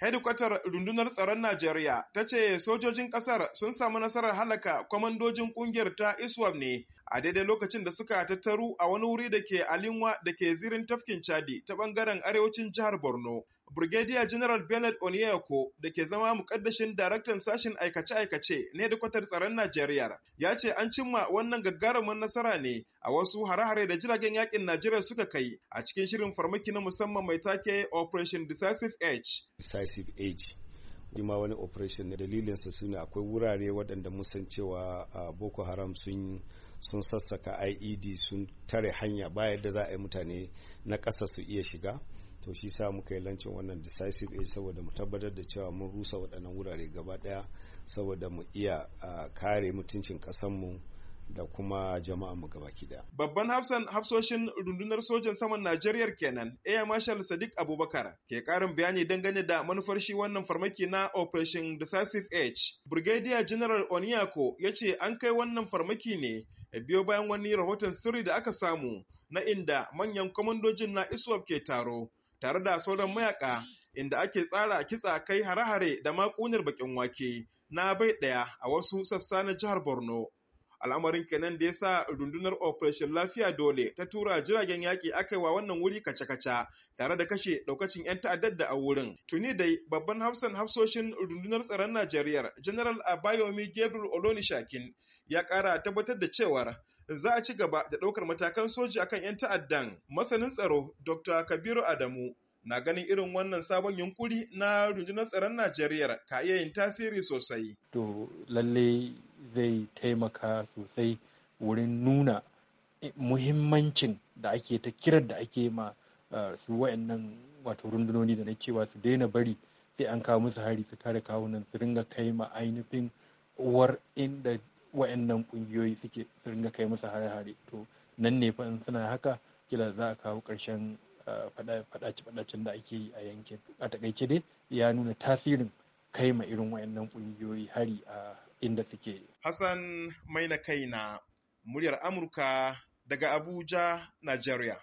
Hedikwatar rundunar tsaron Najeriya ta ce sojojin ƙasar sun samu nasarar halaka kwamandojin ƙungiyar ta ISWAP ne a daidai lokacin da suka tattaru a wani wuri da ke Alinwa da ke zirin tafkin Chadi ta ɓangaren arewacin jihar Borno. Brigadier General Bernard Onyeko da ke zama mukaddashin daraktan sashen aikace-aikace na kwatar tsaron Najeriya ya ce an cimma wannan gagarumin nasara ne a wasu hare-hare da jiragen yakin Najeriya suka kai a cikin shirin farmaki na musamman mai take Operation Decisive Edge. Decisive Edge ma wani operation na dalilinsa sune akwai wurare waɗanda mun san cewa ah, Boko Haram sun sun sassaka ied sun tare hanya ba yadda za a yi mutane na ƙasa su iya shiga to shi sa muka yi lancin wannan decisive age saboda mu tabbatar da cewa mun rusa waɗannan wurare gaba ɗaya saboda mu iya kare mutuncin ƙasanmu da kuma jama'a mu gaba ɗaya. Babban hafsan hafsoshin rundunar sojan saman Najeriya kenan Air Marshal Sadiq Abubakar ke karin bayani dangane da manufar shi wannan farmaki na Operation Decisive age Brigadier General Onyako ya ce an kai wannan farmaki ne da biyo bayan wani rahoton sirri da aka samu na inda manyan kwamandojin na iswap ke taro tare da sauran mayaka inda ake tsara kitsa kai hare-hare da makunar bakin wake na bai daya a wasu sassa na jihar borno al'amarin kenan da ya sa rundunar operation lafiya dole ta tura jiragen yaƙi aka wa wannan wuri kace-kace tare da kashe ɗaukacin 'yan ta'addar da a wurin tuni dai babban hafsan hafsoshin rundunar tsaron najeriya general abayomi gabriel Shakin ya ƙara tabbatar da cewar za a ci gaba da ɗaukar matakan soji akan 'yan ta'addan masanin tsaro dr kabiru adamu na ganin irin wannan sabon yunkuri na rundunar tsaron najeriya ka iya yin tasiri sosai to lalle zai taimaka sosai wurin nuna muhimmancin da ake ta kirar da ake ma uh, su wa'annan wato rundunoni da na cewa su daina bari sai an kawo musu hari su kare kawunan su ringa kai ma ainihin uwar inda wa'annan kungiyoyi suke su ringa kai musu hare-hare to nan ne suna haka kila za a kawo ƙarshen uh, faɗace-faɗacen da ake yi a yankin a takaice dai ya nuna tasirin kai ma irin wayannan ƙungiyoyi hari a inda suke. Hassan mai na kaina muryar Amurka daga Abuja, Najeriya.